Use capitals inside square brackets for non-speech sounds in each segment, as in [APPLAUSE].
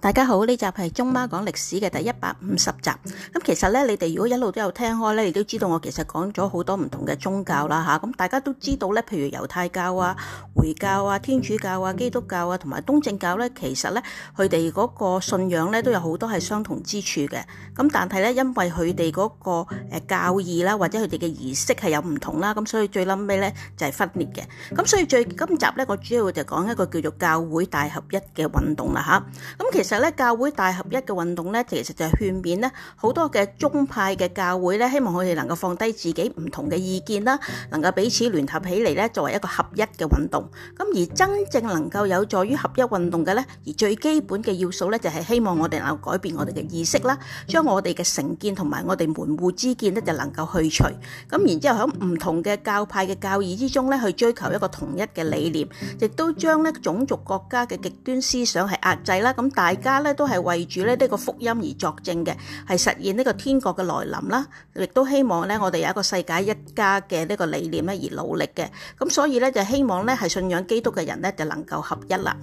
大家好，呢集係中媽講歷史嘅第一百五十集。咁其實咧，你哋如果一路都有聽開咧，你都知道我其實講咗好多唔同嘅宗教啦吓。咁、啊、大家都知道咧，譬如猶太教啊、回教啊、天主教啊、基督教啊，同埋東正教咧，其實咧佢哋嗰個信仰咧都有好多係相同之處嘅。咁但係咧，因為佢哋嗰個誒教義啦，或者佢哋嘅儀式係有唔同啦，咁所以最冧尾咧就係分裂嘅。咁所以最今集咧，我主要就講一個叫做教會大合一嘅運動啦吓。咁、啊、其實。其實呢教會大合一嘅運動呢，其實就係勸勉呢好多嘅宗派嘅教會呢，希望佢哋能夠放低自己唔同嘅意見啦，能夠彼此聯合起嚟呢，作為一個合一嘅運動。咁而真正能夠有助於合一運動嘅呢，而最基本嘅要素呢，就係希望我哋能夠改變我哋嘅意識啦，將我哋嘅成見同埋我哋門戶之見呢，就能夠去除。咁然之後喺唔同嘅教派嘅教義之中呢，去追求一個統一嘅理念，亦都將呢種族國家嘅極端思想係壓制啦。咁大而家咧都係為住咧呢個福音而作證嘅，係實現呢個天國嘅來臨啦，亦都希望咧我哋有一個世界一家嘅呢個理念咧而努力嘅，咁所以咧就希望咧係信仰基督嘅人咧就能夠合一啦。 [MUSIC]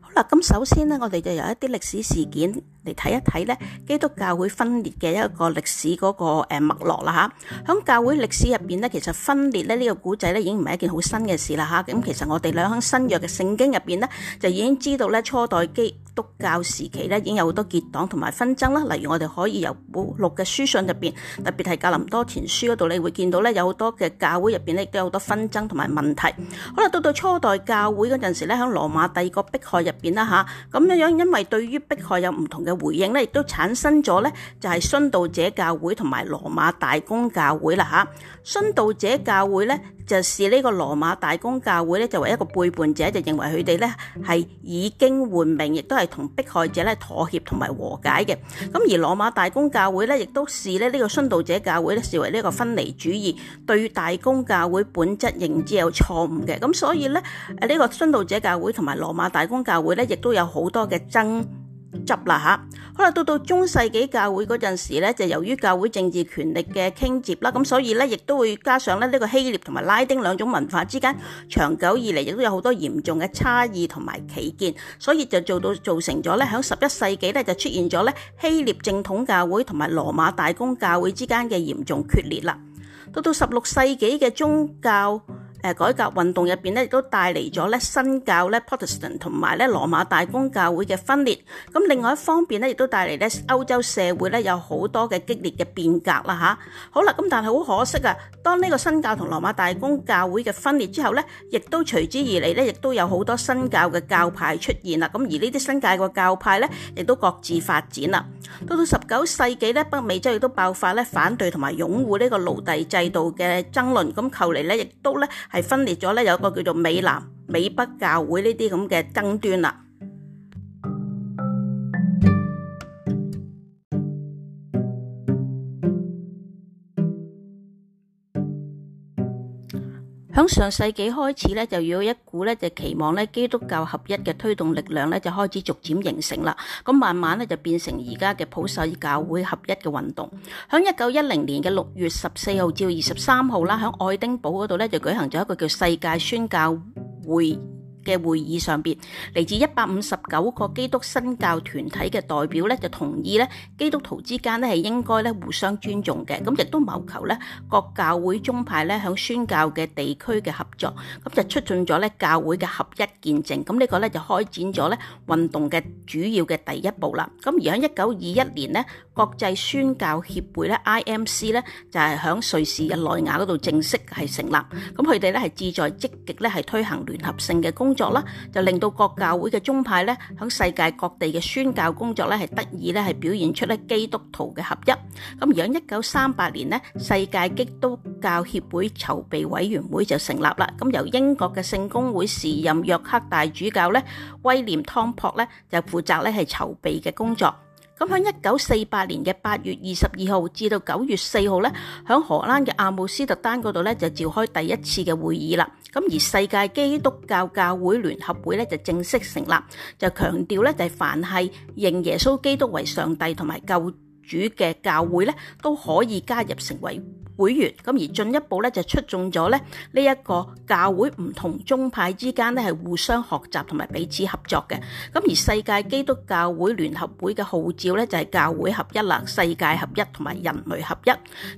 好啦，咁首先咧我哋就有一啲歷史事件。嚟睇一睇咧，基督教會分裂嘅一個歷史嗰個誒脈絡啦吓，響教會歷史入邊咧，其實分裂咧呢個古仔咧已經唔係一件好新嘅事啦吓，咁其實我哋兩響新約嘅聖經入邊咧，就已經知道咧初代基督教時期咧已經有好多結黨同埋紛爭啦。例如我哋可以由保祿嘅書信入邊，特別係格林多前書嗰度，你會見到咧有好多嘅教會入邊咧亦都有好多紛爭同埋問題。好啦，到到初代教會嗰陣時咧，響羅馬帝國迫害入邊啦吓，咁樣樣，因為對於迫害有唔同嘅。回應咧，亦都產生咗咧，就係殉道者教會同埋羅馬大公教會啦吓。殉道者教會咧，就視呢個羅馬大公教會咧，就為一個背叛者，就認為佢哋咧係已經換名，亦都係同迫害者咧妥協同埋和解嘅。咁而羅馬大公教會咧，亦都視咧呢個殉道者教會咧，視為呢個分離主義，對大公教會本質認知有錯誤嘅。咁所以咧，誒、這、呢個殉道者教會同埋羅馬大公教會咧，亦都有好多嘅爭。執啦吓，好啦，到到中世紀教會嗰陣時咧，就由於教會政治權力嘅傾接啦，咁所以咧，亦都會加上咧呢個希臘同埋拉丁兩種文化之間長久以嚟亦都有好多嚴重嘅差異同埋歧見，所以就做到造成咗咧喺十一世紀咧就出現咗咧希臘正統教會同埋羅馬大公教會之間嘅嚴重決裂啦。到到十六世紀嘅宗教。誒改革運動入邊咧，亦都帶嚟咗咧新教咧，Protestant 同埋咧羅馬大公教會嘅分裂。咁另外一方面咧，亦都帶嚟咧歐洲社會咧有好多嘅激烈嘅變革啦吓，好啦，咁但係好可惜啊，當呢個新教同羅馬大公教會嘅分裂之後咧，亦都隨之而嚟咧，亦都有好多新教嘅教派出現啦。咁而呢啲新界個教派咧，亦都各自發展啦。到到十九世紀咧，北美洲亦都爆發咧反對同埋擁護呢個奴隸制度嘅爭論。咁後嚟咧，亦都咧。係分裂咗咧，有一個叫做美南、美北教會呢啲咁嘅爭端啦。響上世紀開始咧，就有一股咧就期望咧基督教合一嘅推動力量咧，就開始逐漸形成啦。咁慢慢咧就變成而家嘅普世教會合一嘅運動。響一九一零年嘅六月十四號至二十三號啦，響愛丁堡嗰度咧就舉行咗一個叫世界宣教會。嘅會議上邊，嚟自一百五十九個基督新教團體嘅代表咧，就同意咧基督徒之間咧係應該咧互相尊重嘅，咁亦都謀求咧各教會宗派咧響宣教嘅地區嘅合作，咁就促進咗咧教會嘅合一見證，咁、這、呢個咧就開展咗咧運動嘅主要嘅第一步啦。咁而喺一九二一年呢，國際宣教協會咧 （IMC） 咧就係喺瑞士日內瓦嗰度正式係成立，咁佢哋咧係志在積極咧係推行聯合性嘅工作。就令到各教會嘅宗派咧，喺世界各地嘅宣教工作咧，係得以咧，係表現出咧基督徒嘅合一。咁而喺一九三八年咧，世界基督教協會籌備委員會就成立啦。咁由英國嘅聖公會時任約克大主教咧，威廉湯博咧就負責咧係籌備嘅工作。咁喺一九四八年嘅八月二十二號至到九月四號咧，喺荷蘭嘅阿姆斯特丹嗰度咧就召開第一次嘅會議啦。咁而世界基督教教會聯合會咧就正式成立，就強調咧就係凡係認耶穌基督為上帝同埋救主嘅教會咧都可以加入成為會員。咁而進一步就促進咗呢一個教會唔同宗派之間係互相學習同埋彼此合作嘅，咁而世界基督教會聯合會嘅號召咧就係教會合一啦、世界合一同埋人類合一，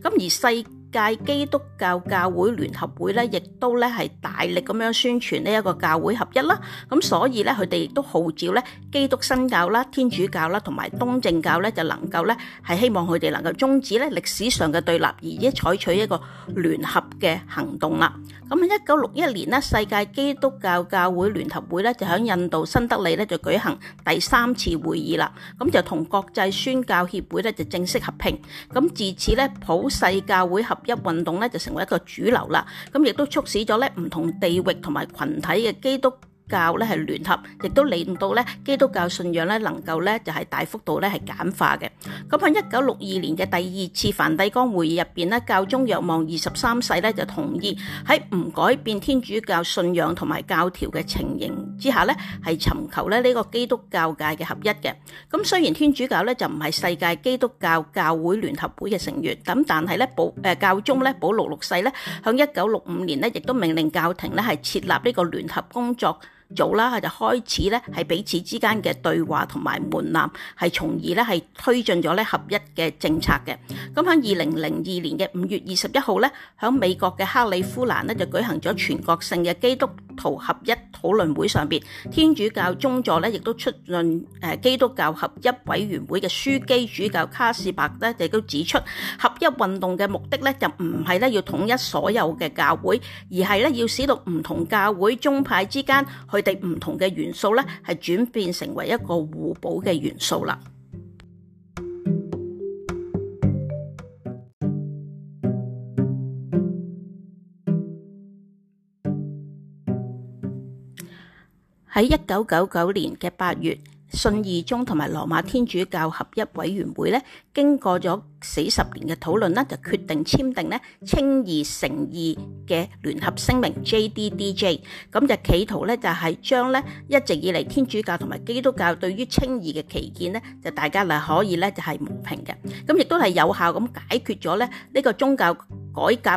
咁而世。世界基督教教會聯合會咧，亦都咧係大力咁樣宣傳呢一個教會合一啦。咁所以咧，佢哋亦都號召咧基督新教啦、天主教啦同埋東正教咧就能夠咧係希望佢哋能夠終止咧歷史上嘅對立，而一採取一個聯合嘅行動啦。咁喺一九六一年呢，世界基督教教會聯合會咧就響印度新德里咧就舉行第三次會議啦。咁就同國際宣教協會咧就正式合併。咁自此咧普世教會合。一運動咧就成為一個主流啦，咁亦都促使咗咧唔同地域同埋群體嘅基督教咧係聯合，亦都令到咧基督教信仰咧能夠咧就係大幅度咧係簡化嘅。咁喺一九六二年嘅第二次梵蒂岡會議入邊咧，教宗若望二十三世咧就同意喺唔改變天主教信仰同埋教條嘅情形之下咧，係尋求咧呢個基督教界嘅合一嘅。咁雖然天主教咧就唔係世界基督教教會聯合會嘅成員，咁但係咧保誒教宗咧保祿六世咧喺一九六五年咧亦都命令教廷咧係設立呢個聯合工作。早啦，佢就開始咧，係彼此之間嘅對話同埋門檻，係從而咧係推進咗咧合一嘅政策嘅。咁喺二零零二年嘅五月二十一號咧，喺美國嘅克里夫蘭咧就舉行咗全國性嘅基督徒合一討論會上邊，天主教宗座咧亦都出任誒基督教合一委員會嘅書記主教卡士伯呢。咧，亦都指出合一運動嘅目的咧就唔係咧要統一所有嘅教會，而係咧要使到唔同教會宗派之間去。佢哋唔同嘅元素咧，係轉變成為一個互補嘅元素啦。喺一九九九年嘅八月，信義宗同埋羅馬天主教合一委員會咧，經過咗。四十年嘅討論咧，就決定簽訂咧稱義成義嘅聯合聲明 JDDJ，咁就企圖咧就係將咧一直以嚟天主教同埋基督教對於稱義嘅歧見咧，就大家係可以咧就係弭平嘅，咁亦都係有效咁解決咗咧呢個宗教改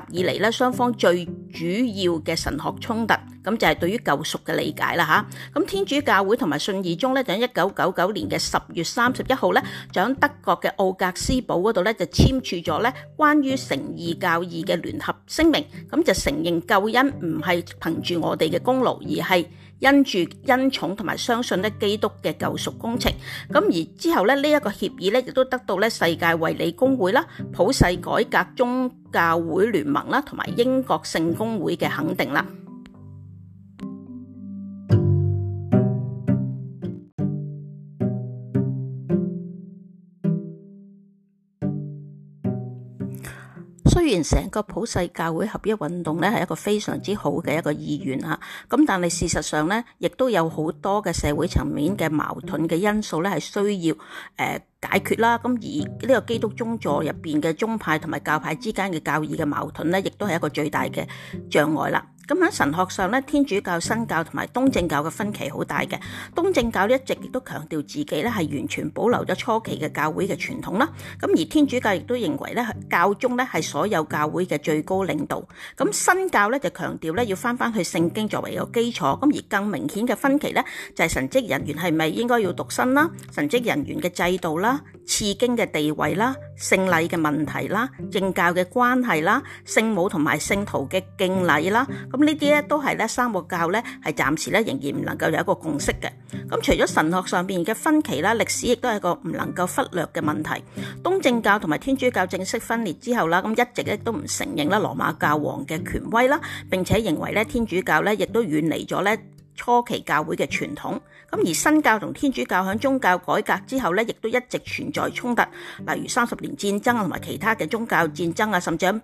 革以嚟呢雙方最主要嘅神學衝突，咁就係對於救贖嘅理解啦吓，咁天主教會同埋信義宗呢，就喺一九九九年嘅十月三十一號呢，就喺德國嘅奧格斯堡嗰度咧。就簽署咗咧，關於誠意教義嘅聯合聲明，咁就承認救恩唔係憑住我哋嘅功勞，而係因住恩寵同埋相信咧基督嘅救贖工程。咁而之後咧，呢一個協議咧亦都得到咧世界衛理公會啦、普世改革宗教會聯盟啦同埋英國聖公會嘅肯定啦。雖然成個普世教會合一運動咧係一個非常之好嘅一個意願吓，但係事實上呢，亦都有好多嘅社會層面嘅矛盾嘅因素咧係需要解決啦。咁而呢個基督宗教入邊嘅宗派同埋教派之間嘅教義嘅矛盾呢，亦都係一個最大嘅障礙啦。咁喺神學上咧，天主教、新教同埋東正教嘅分歧好大嘅。東正教一直亦都強調自己咧係完全保留咗初期嘅教會嘅傳統啦。咁而天主教亦都認為咧，教宗咧係所有教會嘅最高領導。咁新教咧就強調咧要翻翻去聖經作為一個基礎。咁而更明顯嘅分歧咧就係神職人員係咪應該要獨身啦？神職人員嘅制度啦、次經嘅地位啦、聖禮嘅問題啦、政教嘅關係啦、聖母同埋聖徒嘅敬禮啦。咁呢啲都係三個教咧係暫時仍然唔能夠有一個共識嘅。咁除咗神學上面嘅分歧啦，歷史亦都係個唔能夠忽略嘅問題。東正教同埋天主教正式分裂之後啦，咁一直咧都唔承認咧羅馬教皇嘅權威啦，並且認為咧天主教咧亦都遠離咗咧初期教會嘅傳統。咁而新教同天主教喺宗教改革之後咧，亦都一直存在衝突，例如三十年戰爭同埋其他嘅宗教戰爭啊，甚至。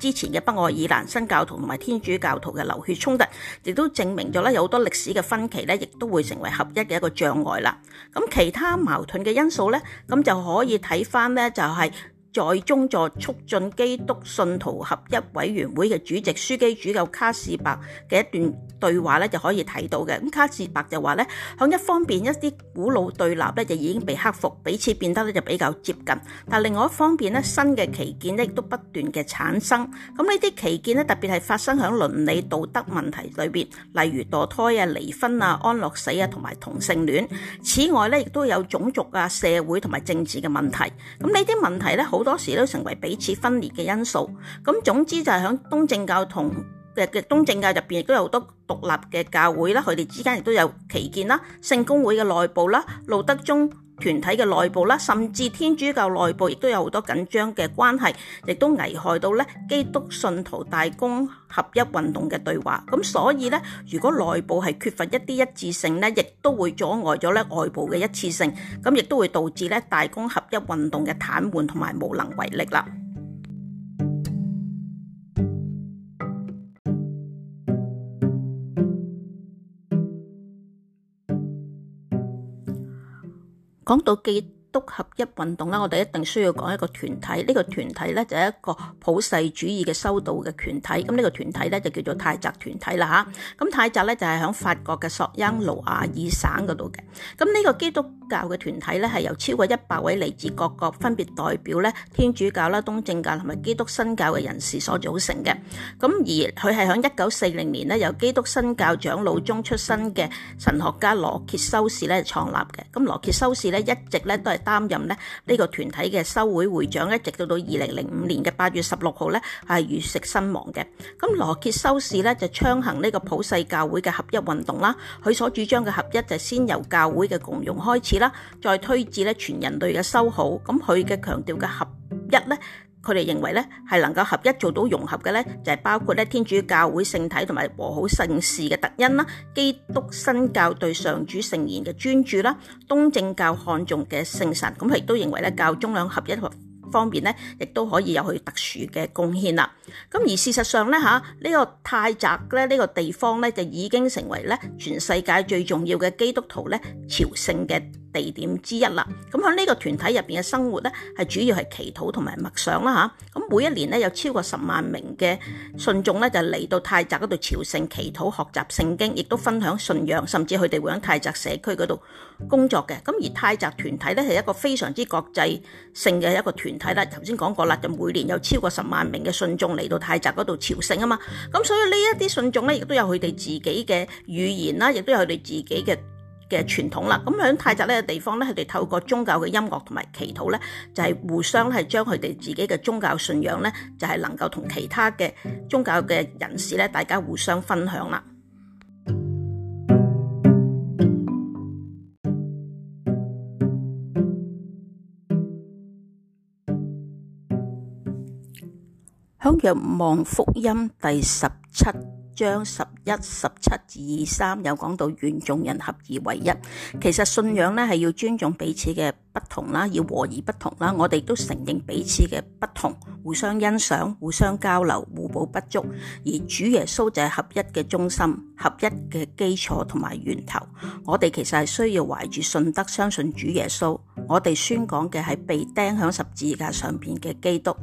之前嘅北愛爾蘭新教徒同埋天主教徒嘅流血衝突，亦都證明咗咧有好多歷史嘅分歧咧，亦都會成為合一嘅一個障礙啦。咁其他矛盾嘅因素咧，咁就可以睇翻咧就係、是。在中座促進基督信徒合一委員會嘅主席書記主教卡士伯嘅一段對話咧，就可以睇到嘅。咁卡士伯就話咧，響一方面一啲古老對立咧，就已經被克服，彼此變得咧就比較接近。但另外一方面咧，新嘅歧見亦都不斷嘅產生。咁呢啲歧見咧，特別係發生喺倫理道德問題裏邊，例如墮胎啊、離婚啊、安樂死啊，同埋同性戀。此外咧，亦都有種族啊、社會同埋政治嘅問題。咁呢啲問題咧，好多時都成為彼此分裂嘅因素，咁總之就係響東正教同嘅嘅東正教入邊亦都有好多獨立嘅教會啦，佢哋之間亦都有歧見啦，聖公會嘅內部啦，路德宗。團體嘅內部啦，甚至天主教內部亦都有好多緊張嘅關係，亦都危害到咧基督信徒大公合一運動嘅對話。咁所以咧，如果內部係缺乏一啲一致性咧，亦都會阻礙咗咧外部嘅一次性，咁亦都會導致咧大公合一運動嘅癱瘓同埋無能為力啦。講到基督合一運動啦，我哋一定需要講一個團體，呢、這呢個團體咧就係一個普世主義嘅修道嘅團體，咁、呢、呢個團體咧就叫做泰澤團體啦吓，咁泰澤咧就係響法國嘅索恩盧瓦爾省嗰度嘅，咁、呢、呢個基督教嘅團體咧係由超過一百位嚟自各國分別代表咧天主教啦、東正教同埋基督新教嘅人士所組成嘅。咁而佢係響一九四零年呢由基督新教長老宗出身嘅神學家羅傑修士咧創立嘅。咁羅傑修士咧一直咧都係擔任咧呢個團體嘅修會會長，一直，直到到二零零五年嘅八月十六號咧係遇襲身亡嘅。咁羅傑修士咧就倡行呢個普世教會嘅合一運動啦。佢所主張嘅合一就先由教會嘅共融開始。啦，再推至咧全人類嘅修好，咁佢嘅強調嘅合一咧，佢哋認為咧係能夠合一做到融合嘅咧，就係、是、包括咧天主教會聖體同埋和好聖事嘅特恩啦，基督新教對上主聖言嘅專注啦，東正教看重嘅聖神，咁亦都認為咧教宗兩合一方面咧，亦都可以有佢特殊嘅貢獻啦。咁而事實上咧吓，呢個泰澤咧呢個地方咧就已經成為咧全世界最重要嘅基督徒咧朝聖嘅。地點之一啦，咁喺呢個團體入邊嘅生活咧，係主要係祈禱同埋默想啦吓。咁每一年咧有超過十萬名嘅信眾咧就嚟到泰澤嗰度朝聖、祈禱、學習聖經，亦都分享信仰，甚至佢哋會喺泰澤社區嗰度工作嘅。咁而泰澤團體咧係一個非常之國際性嘅一個團體啦。頭先講過啦，就每年有超過十萬名嘅信眾嚟到泰澤嗰度朝聖啊嘛。咁所以呢，一啲信眾咧亦都有佢哋自己嘅語言啦，亦都有佢哋自己嘅。嘅傳統啦，咁喺泰澤呢個地方咧，佢哋透過宗教嘅音樂同埋祈禱咧，就係、是、互相係將佢哋自己嘅宗教信仰咧，就係、是、能夠同其他嘅宗教嘅人士咧，大家互相分享啦。響 [MUSIC] 若望福音第十七。將十一十七二三有講到願眾人合二為一，其實信仰咧係要尊重彼此嘅不同啦，要和而不同啦。我哋都承認彼此嘅不同，互相欣賞，互相交流，互補不足。而主耶穌就係合一嘅中心，合一嘅基礎同埋源頭。我哋其實係需要懷住信德，相信主耶穌。我哋宣講嘅係被釘喺十字架上邊嘅基督，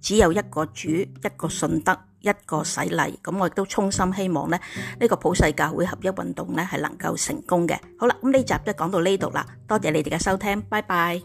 只有一個主，一個信德。一個洗禮，咁我亦都衷心希望咧，呢個普世教會合一運動咧係能夠成功嘅。好啦，咁呢集就講到呢度啦，多謝你哋嘅收聽，拜拜。